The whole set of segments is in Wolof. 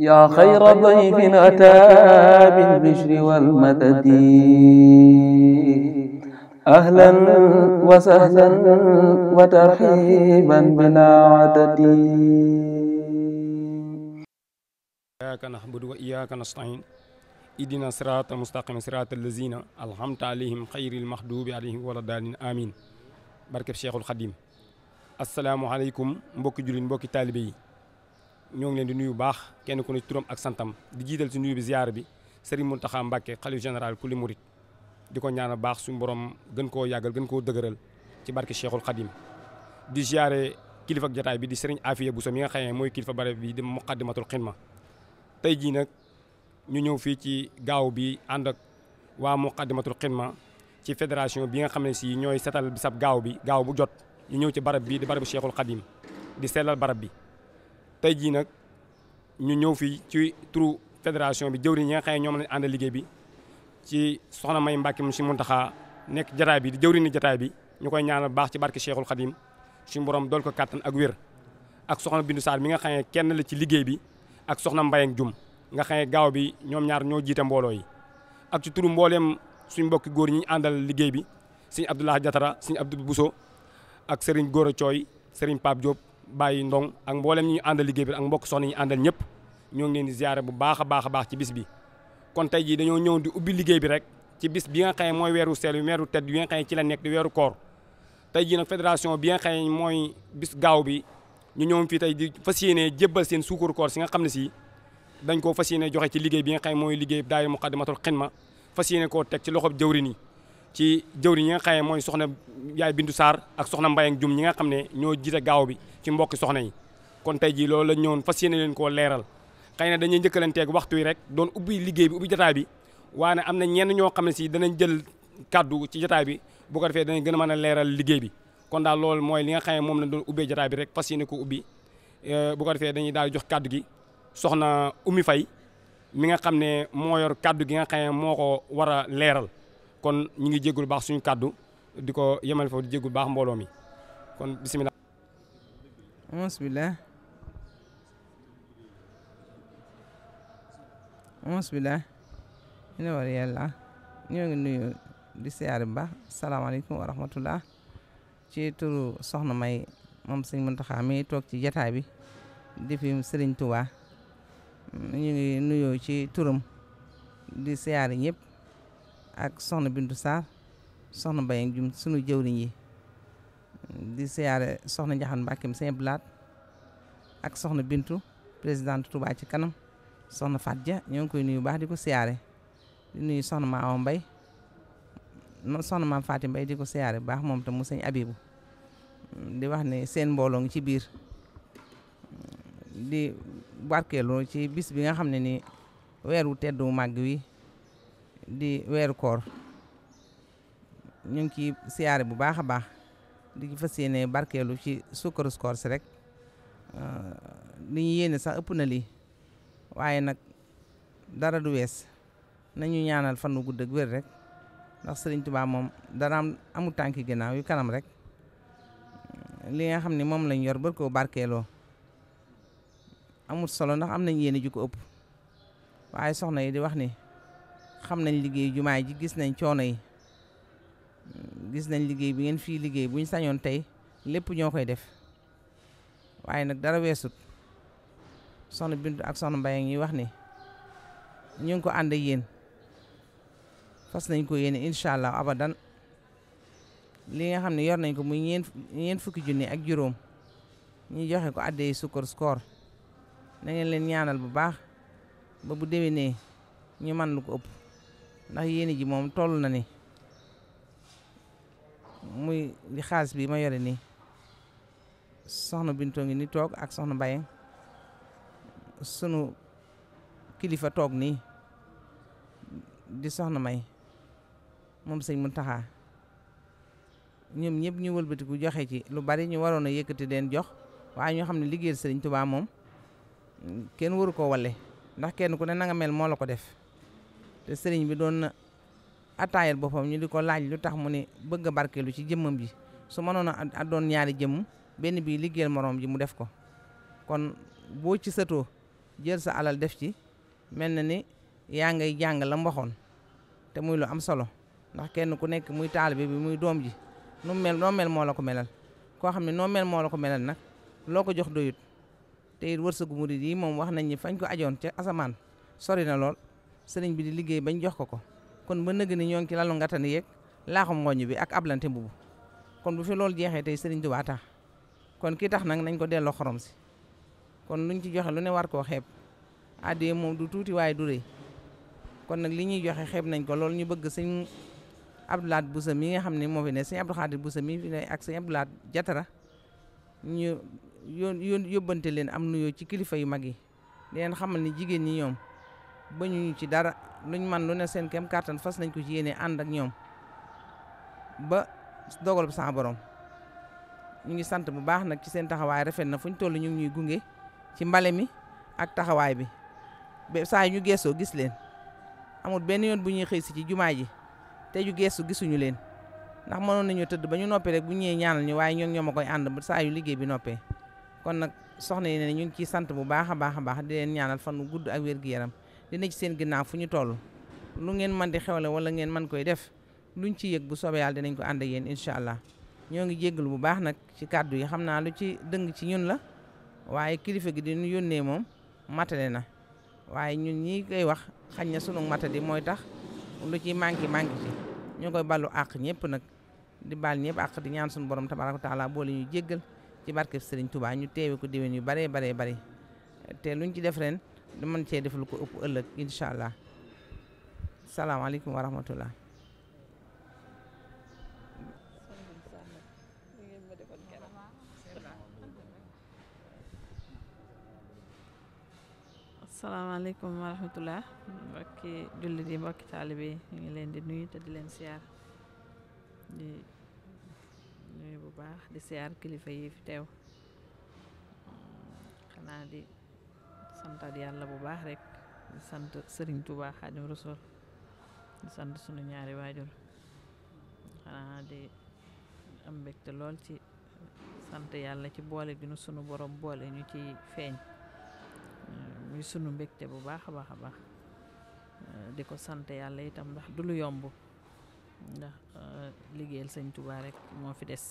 yaa xayra dayfin ataa bil bishri wal madadi ahlan wa sahlan wa tarhiiban bilaa adadi. iyyaaka na'budu wa iyyaaka nasta'iin ihdinaa siraatal mustaqiim siraatal laziina an'amta alayhim xayril maxduubi alayhim wa lad-daalliin amiin barkeb Cheikhul Xadim. asalaamualeykum mbokki jullit mbokki taalibe yi. ñoo ngi leen di nuyu baax kenn ku ne ci turam ak santam di jiital si nuyu bi ziar bi Serigne Mountakha Mbacké xalif général kuli murit di ko ñaanal baax suñu borom gën koo yàggal gën koo dëgëral ci barke Cheikhul Khadim di ziare kilifa ak jotaay bi di Serigne Afia Bousso mi nga xamee mooy kilifa bare bi di Muqaddimatul Xidma tey jii nag ñu ñëw fii ci gaaw bi ànd ak waa Muqaddimatul Xidma ci fédération bi nga xam ne si ñooy setal bi sab gaaw bi gaaw bu jot ñu ñëw ci barab bi di barabu Cheikhul Khadim di seelal barab bi tey jii nag ñu ñëw fii ci turu fédération bi jëwriñ ñi nga xam ñoom lañ àndal liggéey bi ci soxna May Mbàkke mu si Muntaxa nekk jataay bi di jëwriñu jataay bi ñu koy ñaanal baax ci barke Cheikhul Khadim suñu borom dool ko kàttan ak wér ak soxna Bindu Saar mi nga xam kenn la ci liggéey bi ak soxna Mbaye Jum nga xam gaaw bi ñoom ñaar ñoo jiite mbooloo yi ak ci turu mbooleem suñ mbokki góor ñi àndal liggéey bi sëñ Abdoulaye Jatara sëñ Abdou Bousso ak sëriñ góor a Thioy sëriñ Pape Diop bàyyi ndong ak mboolem ñu àndal liggéey bi ak mbokk soxna ñu àndal ñëpp ñoo ngi di ziare bu baax a baax ci bis bi kon tey jii dañoo ñëw di ubbi liggéey bi rek ci bis bi nga xamee mooy weeru seel yu weeru tedd bi nga xamee ci la nekk di weeru koor tey jii nag fédération bi nga xamee mooy bis gaaw bi ñu ñëw fii tey di fas yéene jébbal seen suukur koor si nga xam ne si dañ koo fas yéene joxe ci liggéey bi nga xam xamee mooy liggéey daayira Muqaddamatul Xidma fas yéene koo teg ci loxob jëwrin yi ci jëwri ñi nga xam mooy soxna yaay Bintu Sarr ak soxna Mbayang Jum ñi nga xam ne ñoo jiite gaaw bi ci mbokki soxna yi kon tey jii loolu la ñëwoon fas yéene leen koo leeral xëy na dañuy njëkkalanteeg waxtu yi rek doon ubbi liggéey bi ubbi jotaay bi waaye am na ñenn ñoo xam ne si danañ jël kàddu ci jotaay bi bu ko defee danañ gën a mën a leeral liggéey bi kon daal loolu mooy li nga xam ne moom la doon ubbee jotaay bi rek fas yéene ko ubbi euh, bu ko defee dañuy daal jox kàddu gi soxna Oumy fay mi nga xam ne moo yor kàddu gi nga xam ne moo ko war a leeral kon ñu ngi jégalu baax suñu kàddu di ko yemal foofu di jégalu baax mbooloo mi kon bisimilah. bisimilah. bisimilah. ñu ne war yàlla ñoo ngi nuyu di siyaare bu baax salaamaaleykum wa rahmatullah ci turu soxna May moom sëñ Muntaxa mi toog ci jataay bi di fi sëriñ nuyoo ci turam di siyaare ñëpp. ak soxna Bintu Sarr soxna Mbayang Jum sunu jëwriñ di siyaare soxna Njaxan Mbàkkim Sëñ Blaat ak soxna Bintu présidente Touba ci kanam soxna Fat Dia ñoo ngi koy nuyu baax di ko siyaare di nuyu soxna ma Awa Mbay soxna maam Faati Mbay di ko siyaare bu baax moom tam mu Abibu di wax ne seen ci biir di barkeeloo ci bis nga xam ni weer wu tedd wu di weeru koor ñu ngi ciy siyaare bu baax a baax di ci fas yéene barkeelu ci sukkaru koor si rek li ñu yéene sax ëpp na lii waaye nag dara du wees nañu ñaanal fan wu gudd ak wér rek ndax Sëriñ Tuubaa moom dara am amul tànki ginnaaw yu kanam rek li nga xam ne moom lañ yor bër barkeeloo amul solo ndax am nañ yéene ju ko ëpp waaye soxna yi di wax ni xam nañ liggéey jumaa ji gis nañ coono yi mm, gis nañ liggéey bi ngeen fii liggéey buñ sañoon tey lépp ñoo koy def waaye nag dara weesut soxna Bintu ak soxna mbaya ngi wax ni ñu ngi ko ànd ak yéen fas nañ ko yéene incha allah abadan li nga xam ne yor nañ ko muy ñeen ñeen fukki ni ak juróom ñu joxe ko àddee sukkar skoor na leen ñaanal bu baax ba bu déwénee ñi man lu ko ëpp ndax yéene ji moom toll na ni muy li xaalis bi ma yore nii soxna Bintou ngi ni toog ak soxna Mbaye sunu kilifa toog nii di soxna May moom sëñ Mountakha ñoom ñëpp ñu wëlbatiku joxe ci lu bari ñu waroon a yëkkati den jox waaye ñoo xam ne liggéeyal sëriñ Tuubaa moom kenn waru ko walle ndax kenn ku ne na nga mel moo la ko def te sëriñ bi doon na attaayal boppam ñu di ko laaj lu tax mu ne bëgg a barkeelu ci jëmmam ji su mënoon a doon ñaari jëmm benn bi liggéeyal moroom ji mu def ko kon boo ci satoo jël sa alal def ci mel na ni yaa ngay jàng la mboxoon te muy lu am solo ndax kenn ku nekk muy taalibe bi muy doom ji nu mel noo mel moo la ko melal koo xam ne noo mel moo la ko melal nag loo ko jox doyut te it wërsëgu murid yi moom wax nañ ni fañ ko ajoon ca asamaan sori na lool sëriñ bi di liggéey bañ jox ko ko kon ba nëgg ni ñoo ngi ci lalu ngatani yeeg laaxum ngooñ bi ak bu bu kon bu fi loolu jeexee tey sëriñ Tuubaa tax kon ki tax nag nañ ko delloo xorom si kon luñ ci joxe lu ne war koo xeeb addiyee moom du tuuti waaye du rëy kon nag li ñuy joxe xeeb nañ ko loolu ñu bëgg sëñ Abdou bu Bousso mi nga xam ne moo fi ne sëñ Abdou Khadir Bousso mi fi ne ak sëñ Abdou Lahad Jatara ñu yóbbante leen am nuyoo ci kilifa yu mag yi di ni jigéen ñi ñoom bañuñu ci dara luñ man lu ne seen kem kàttan fas nañ ko ci yéene ànd ak ñoom ba dogal bu sa borom ñu ngi sant bu baax nag ci seen taxawaay rafet na fu ñu toll ñu ngi ñuy gunge ci mbale mi ak taxawaay bi ba saa yu ñu geesoo gis leen amul benn yoon bu ñuy xëy si ci jumaa ji te ju geesu gisuñu leen ndax mënoon nañu tëdd ba ñu noppee rek bu ñëwee ñaanal ñu waaye ñoom ñoo ma koy ànd ba saa yu liggéey bi noppee kon nag soxna yi ne ñu ngi ciy sant bu baax a baax a baax di ñaanal fan wu gudd ak wér yaram dina ci seen ginnaaw fu ñu toll lu ngeen man di xewle wala ngeen man koy def luñ ci yëg bu soobee yàlla dinañ ko ànd ak yéen incha allah ñoo ngi jéggalu bu baax nag ci kàddu yi xam naa lu ci dëng ci ñun la waaye kilifa gi di ñu yónnee moom matale na waaye ñun ñi koy wax xañ na sunu matadi mooy tax lu ci manqué manqué ci ñu koy ballu àq ñëpp nag di baal ñëpp àq di ñaan suñu borom tabaraka taala boole ñu jéggal ci barkeb Serigne Touba ñu teewe ko déwén yu baree baree bari te luñ ci def ren mën cee def lu ko ëpp ëllëg incha allah salaamaaleykum wa rahmatullah. salaamaaleykum wa rahmatullah mbokki jullit yi mbokki taalibe yi ñu ngi leen di nuy te di leen siyaar di nuyu bu baax di siyaar kilifa yi fi teew xanaa di. santaat yàlla bu baax rek sant sëriñ Touba Xaadim Rasul sant sunu ñaari waajur xanaa di am mbégte lool ci sant yàlla ci boole bi nu sunu borom boole ñu ci feeñ muy sunu mbégte bu baax a baax a baax di ko sant yàlla itam ndax du lu yomb ndax eh, liggéeyal sëñ Touba rek moo fi des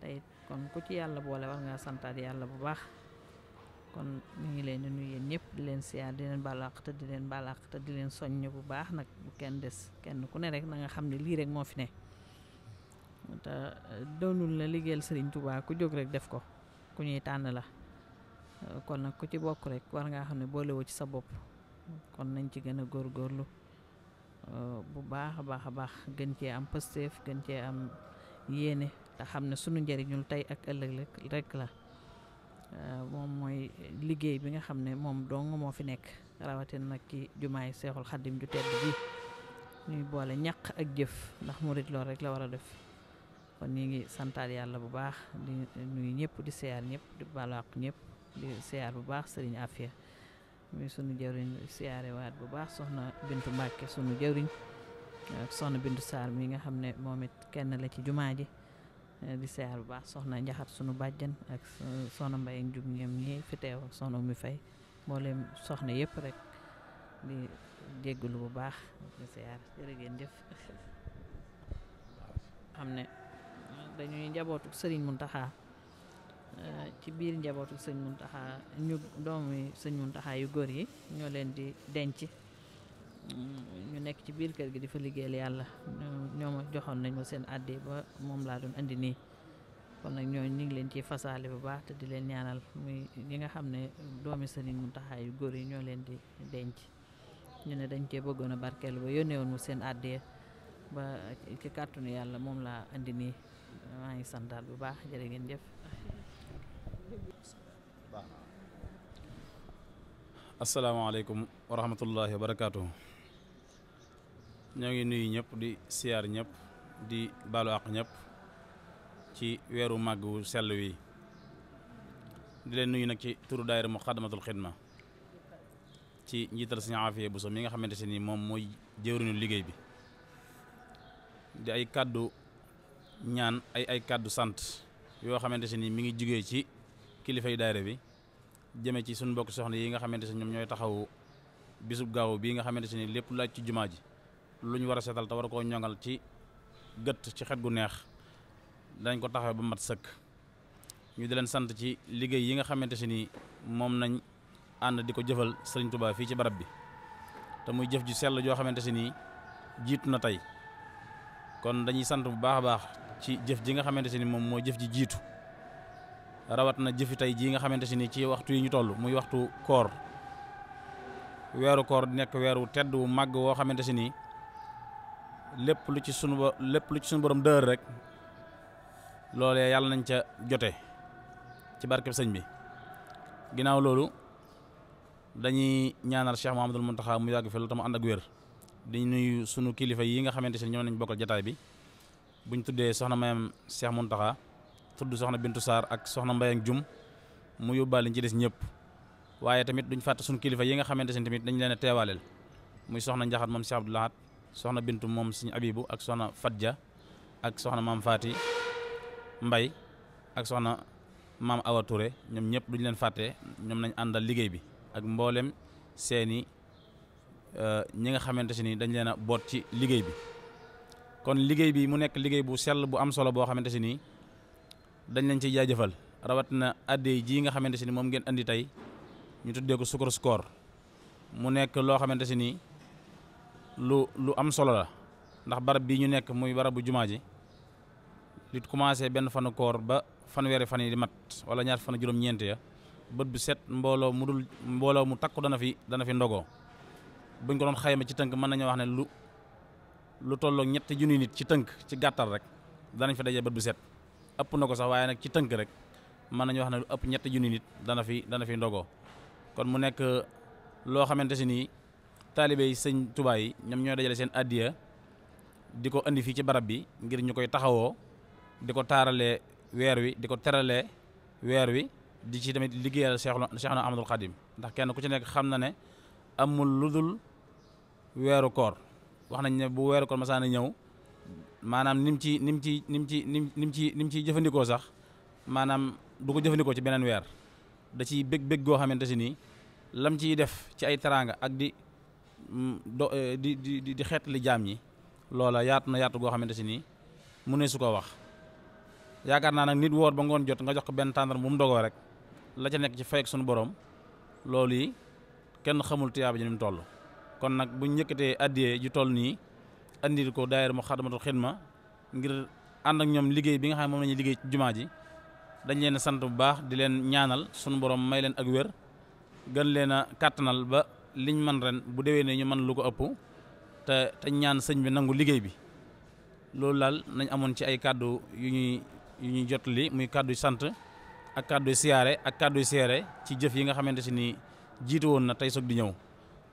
tey kon ku ci yàlla boole war ngaa santaat yàlla bu baax. kon mu ngi leen di nuyu yéen ñëpp di leen siyaar di leen balaax te di leen balaax te di leen soññ bu baax nag bu kenn des kenn ku ne rek na nga xam ne lii rek moo fi ne te doonul la liggéeyal sëriñ tubaa ku jóg rek def ko ku ñuy tànn la kon nag ku ci bokk rek war ngaa xam ne boolewoo ci sa bopp kon nañ ci gën a góorgóorlu bu baax a baax a baax gën cee am pësteef gën cee am yéene te xam ne sunu njëriñul tey ak ëllëg rek la Euh, moom mooy liggéey bi nga xam ne moom dong moo fi nekk rawatin nag ci ki yi seexul xaddim ju tedd ji ñuy boole ñaq ak jëf ndax murit lool rek la war a def kon ñi ngi santaat yàlla bu baax di nuyu ñëpp di siyaar ñëpp di balaq ñëpp di siyaar bu baax sëriñ Afia muy sunu jëwriñ siyaare waat bu baax soxna Bintu Mbàkke sunu jëwriñ ak soxna Bintu Saar mi nga xam ne moomit kenn la ci jumaa ji Eh, di seer bu baax soxna njaxat sunu bàjjan ak soxna mbay njub ñoom ñi fi teew ak soxna mi fay mboolem soxna yépp rek di jéggulu bu baax di seer jërë ngeen jëf xam ne dañuy njabootu sëriñ mun taxaa eh, ci biir njabootu sëñ Muntaxa ñu doomi sëñ Muntaxa yu góor yi ñoo leen di denc ñu nekk ci biir kër gi di fa liggéeyal yàlla ñoo ma joxoon nañ ma seen àddee ba moom laa doon andi nii kon nag ñooñu ñu ngi leen ciy fasaale bu baax te di leen ñaanal muy ñi nga xam ne doomi sëriñ mu taxaay yu góor yi ñoo leen di denc ñu ne dañ cee bëggoon a barkeelu ba yónnee woon mu seen àddee ba ci kàttanu yàlla moom laa andi nii maa ngi santaal bu baax jërë ngeen jëf. asalaamaaleykum wa rahmatullahi ñoo ngi nuyu ñëpp di siyaar ñëpp di baalu àq ñëpp ci weeru màgg sell wi di leen nuyu nag ci turu daayira Muxaddamatul Xidma ci njiital Sëñ bu Buso mi nga xamante nii moom mooy jëwriñu liggéey bi ay kàddu ñaan ay ay kàddu sant yoo xamante ni mi ngi jugee ci kilifay daayira bi jëme ci suñu mbokk soxna yi nga xamante ne ñoom ñooy taxawu bisub gaaw bii nga xamante ne lépp laaj ci jumaa ji lu ñu war a seetal te war koo ñoŋal ci gët ci xet gu neex dañ ko taxawee ba mat sëkk ñu di leen sant ci liggéey yi nga xamante si nii moom nañ ànd di ko jëfal Sëriñ Tuubaa fii ci barab bi te muy jëf ju sell joo xamante si nii jiitu na tey kon dañuy sant bu baax a baax ci jëf ji nga xamante si ni moom mooy jëf ji jiitu rawat na jëfi tey jii nga xamante si ni ci waxtu yi ñu toll muy waxtu koor weeru koor nekk weeru tedd wu màgg woo xamante si nii lépp lu ci sunu bo lépp lu ci borom dër rek loolee yàlla nañ ca jote ci barkeb sëñ bi ginnaaw loolu dañuy ñaanal Cheikh Mouhamadul Mountakha mu yàgg fi loolu tam ànd ak wér di nuyu sunu kilifa yi nga xamante ne ñoom nañ bokkal jataay bi buñ tuddee soxna mayam Cheikh Mountakha tudd soxna Bintu Sarr ak soxna Mbayang Jum mu yóbbaale ñu ci des ñëpp waaye tamit duñ fàtte sunu kilifa yi nga xamante ne tamit dañ leen a teewaaleel muy soxna Njaxat moom Cheikh Abdoulahat soxna Bintu moom sëñ Abibu ak soxna Fadja ak soxna maam Faati Mbay ak soxna maam awature Touré ñoom ñëpp duñ leen fàtte ñoom nañ àndal liggéey bi ak mboolem seeni euh, ñi nga xamante si ni dañ leen a boot ci liggéey bi kon liggéey bi mu nekk liggéey bu sel bu am solo boo xamante si nii dañ leen ciy jaajëfal rawat na addee ji nga xamante si ni moom ngeen indi tey ñu tuddee ko sukkur score mu nekk loo xamante si nii lu lu am solo la ndax barab bii ñu nekk muy barabu jumaa ji li commencé benn fanu koor ba fanweeri fan yi di mat wala ñaar fan juróom-ñeent ya bët bu set mbooloo mu dul mbooloo mu takku dana fi dana fi ndogoo buñ ko xayma ci tënk mën nañoo wax ne lu lu tolloog ñetti junni ci tënk ci gàttal rek danañ fa daje bët bu set ëpp na ko sax waaye nag ci tënk rek mën nañu wax ne lu ëpp ñett junni nit dana fi dana fi ndogoo kon mu nekk loo xamante si nii taalibe yi sëñ Tuubaa yi ñoom ñooy dajale seen addiya di ko indi fii ci barab bi ngir ñu koy taxawoo di ko taaralee weer wi di ko teralee weer wi di ci tamit liggéeyal Cheikhna Ahmadul Xadim ndax kenn ku ci nekk xam na ne amul dul weeru koor wax nañ ne bu weeru koor masaana ñëw maanaam nim ci nim ci nim ci nim nim ci nim ciy jëfandikoo sax maanaam du ko jëfandikoo ci beneen weer da ciy bég bég goo xamante si nii lam ciy def ci ay teraanga ak di Eh, di di di xeet li jaam yi loola yaatu na yaatu goo xamante si nii mu ne su ko wax yaakaar naa nag nit woor ba ngoon jot nga jox ko benn tàndar bu mu dogoo rek la ca nekk ci fay ak sunu borom loolu yi kenn xamul tuyaaba ji ni mu toll kon nag bu njëkkatee addiyee ji toll nii andil ko daayira mu xadamatul xidma ngir ànd ak ñoom liggéey bi nga xam ne moom la liggéey ci jumaa ji dañ leen sant bu baax di leen ñaanal sunu boroom may leen ak wér gën leen ba liñ man ren bu déwee ne ñu man lu ko ëpp te te ñaan sëñ bi nangu liggéey bi loolu daal nañ amoon ci ay kàddu yu ñuy yu ñuy jot li muy kàddu sant ak kàddu siyaare ak kàddu siyaare ci jëf yi nga xamante si ni jiitu woon na tey soog di ñëw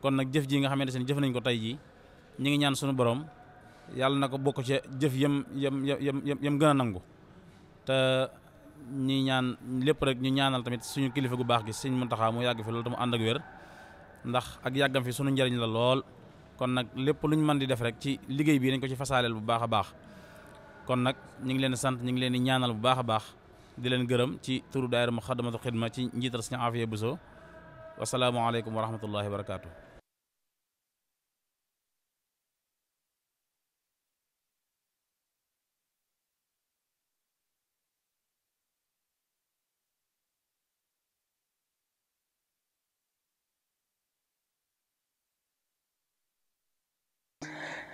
kon nag jëf ji nga xamante si ni jëf nañ ko tey jii ñu ngi ñaan suñu borom yàlla na ko bokk ca jëf yem yem yem yem gën a nangu te ñi ñaan lépp rek ñu ñaanal tamit suñu kilifa gu baax gi sëñ Muntaxa mu yàgg fi loolu mu ànd ak wér ndax ak yàggam fi sunu njëriñ la lool kon nag lépp luñ mën di def rek ci liggéey bii nañ ko ci fasaaleel bu baax a baax kon nag ñu ngi leen sant ñu ngi leen di ñaanal bu baax a baax di leen gërëm ci turu daayira Muxaddamatul Xidma ci njiital Sëriñ Afiya so wasalaamualeykum wa rahmatullahi wa barakaatu.